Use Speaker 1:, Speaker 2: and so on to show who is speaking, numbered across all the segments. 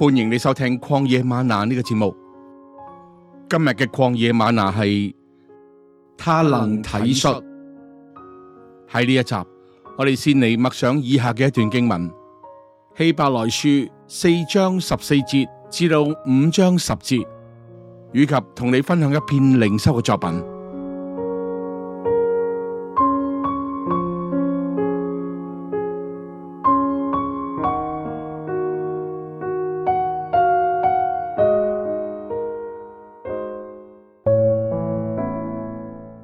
Speaker 1: 歡迎你收聽曠野嗎哪呢、這個節目。今日嘅曠野嗎哪係祂能體恤，喺呢一集，我哋先嚟默想以下嘅一段經文：希伯來書四章十四節至到五章十節，以及同你分享一篇靈修嘅作品。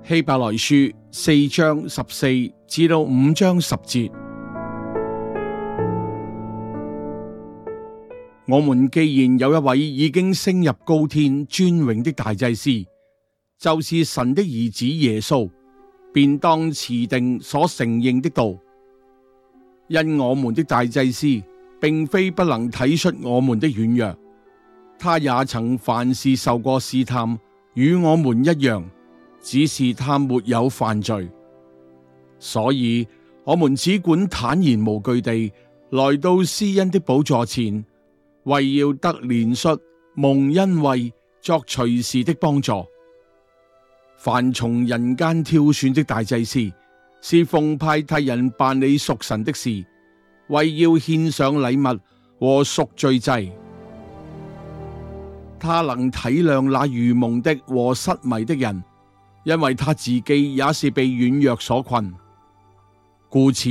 Speaker 1: 希伯來書四章十四至到五章十節，我們既然有一位已經升入高天尊榮的大祭司，就是神的兒子耶穌，便當持定所承認的道。因我們的大祭司並非不能體恤我們的軟弱，他也曾凡事受過試探，與我們一樣。只是他沒有犯罪，所以我們只管坦然無懼地來到施恩的寶座前，為要得憐恤、蒙恩惠、作隨時的幫助。凡從人間挑選的大祭司，是奉派替人辦理屬神的事，為要獻上禮物和贖罪祭。他能體諒那愚蒙的和失迷的人。因為他自己也是被軟弱所困，故此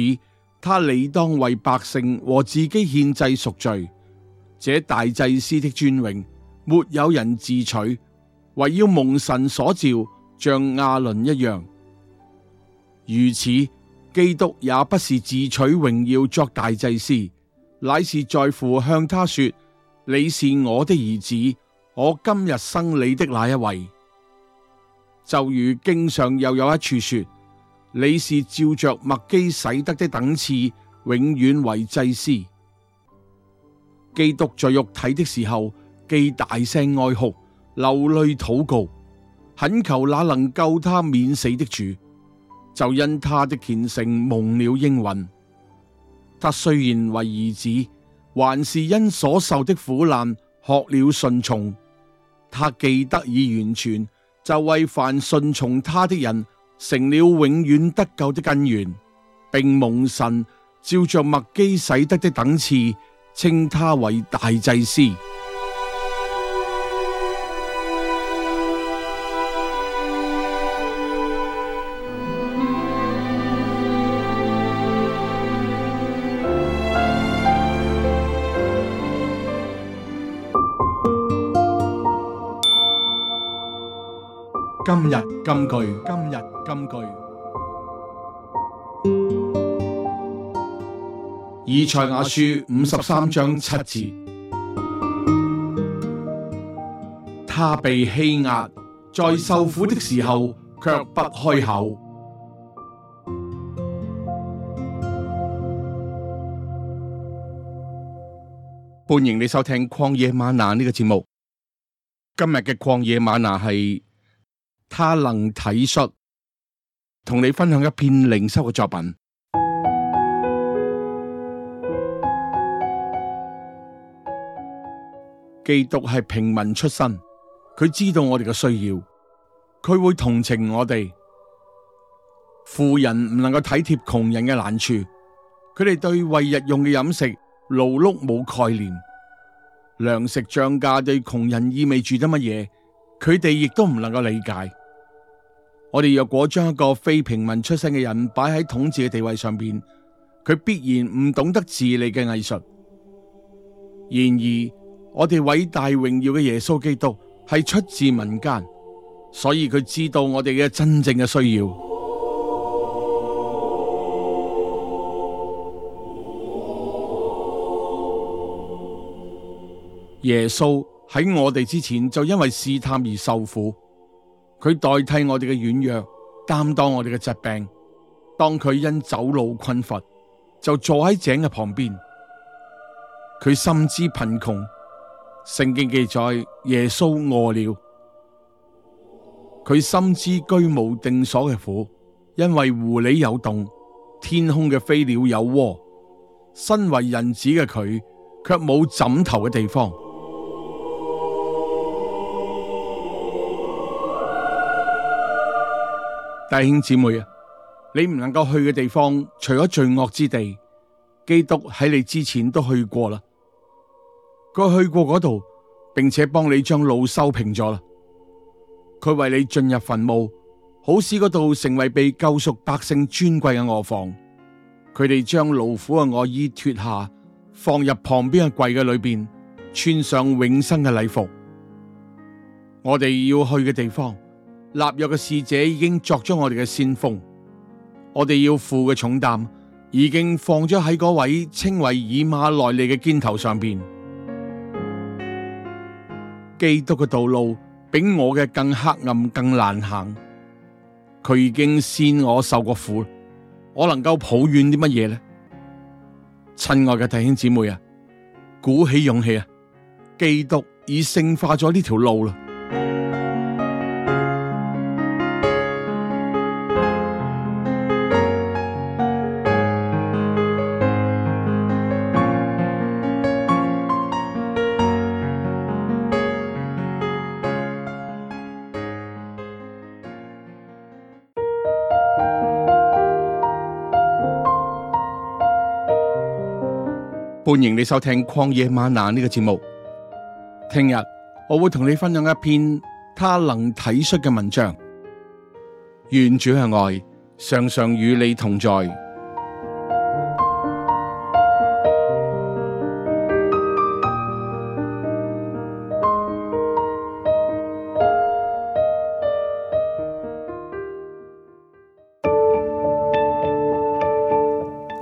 Speaker 1: 他理當為百姓和自己獻祭贖罪。這大祭司的尊榮，沒有人自取，唯要蒙神所召，像亞倫一樣。如此，基督也不是自取榮耀作大祭司，乃是在乎向他說：你是我的兒子，我今日生你的那一位。就如經上又有一處說，你是照着麥基洗德的等次，永遠為祭司。基督在肉體的時候，既大聲哀哭，流淚禱告，懇求那能救他免死的主，就因他的虔誠蒙了應允。他雖然為兒子，還是因所受的苦難學了順從。他既得以完全。就為凡順從他的人，成了永遠得救的根源，並蒙神照着麥基洗德的等次，稱他為大祭司。今日金句。今日金句。以賽亞書五十三章七節，他被欺壓，在受苦的時候，卻不開口。歡迎你收聽曠野嗎哪呢個節目。今日嘅曠野嗎哪係。他能體恤，同你分享一篇靈修嘅作品。基督係平民出身，佢知道我哋嘅需要，佢會同情我哋。富人唔能夠體貼窮人嘅難處，佢哋對為日用嘅飲食勞碌冇概念，糧食漲價對窮人意味住啲乜嘢，佢哋亦都唔能夠理解。我哋若果將一個非平民出身嘅人擺喺統治嘅地位上邊，佢必然唔懂得治理嘅藝術。然而，我哋偉大榮耀嘅耶穌基督係出自民間，所以佢知道我哋嘅真正嘅需要。耶穌喺我哋之前就因為試探而受苦。佢代替我哋嘅軟弱，擔當我哋嘅疾病。當佢因走路困乏，就坐喺井嘅旁邊。佢深知貧窮。聖經記載耶穌餓了。佢深知居無定所嘅苦，因為狐狸有洞，天空嘅飛鳥有窩。身為人子嘅佢，卻冇枕頭嘅地方。弟兄姊妹啊，你唔能夠去嘅地方，除咗罪惡之地，基督喺你之前都去過啦。佢去過嗰度，並且幫你將路修平咗啦。佢為你進入墳墓，好使嗰度成為被救贖百姓尊貴嘅臥、呃、房。佢哋將老虎嘅外衣脫下，放入旁邊嘅櫃嘅裏面，穿上永生嘅禮服。我哋要去嘅地方。立約嘅使者已經作咗我哋嘅先鋒，我哋要負嘅重擔已經放咗喺嗰位稱為以馬內利嘅肩頭上邊。基督嘅道路比我嘅更黑暗，更難行，佢已經先我受過苦，我能夠抱怨啲乜嘢呢？親愛嘅弟兄姊妹啊，鼓起勇氣啊！基督已聖化咗呢條路啦。歡迎你收聽曠野嗎哪呢個節目。聽日我會同你分享一篇祂能體恤嘅文章。願主嘅愛常常與你同在。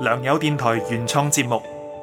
Speaker 1: 良友電台原創節目。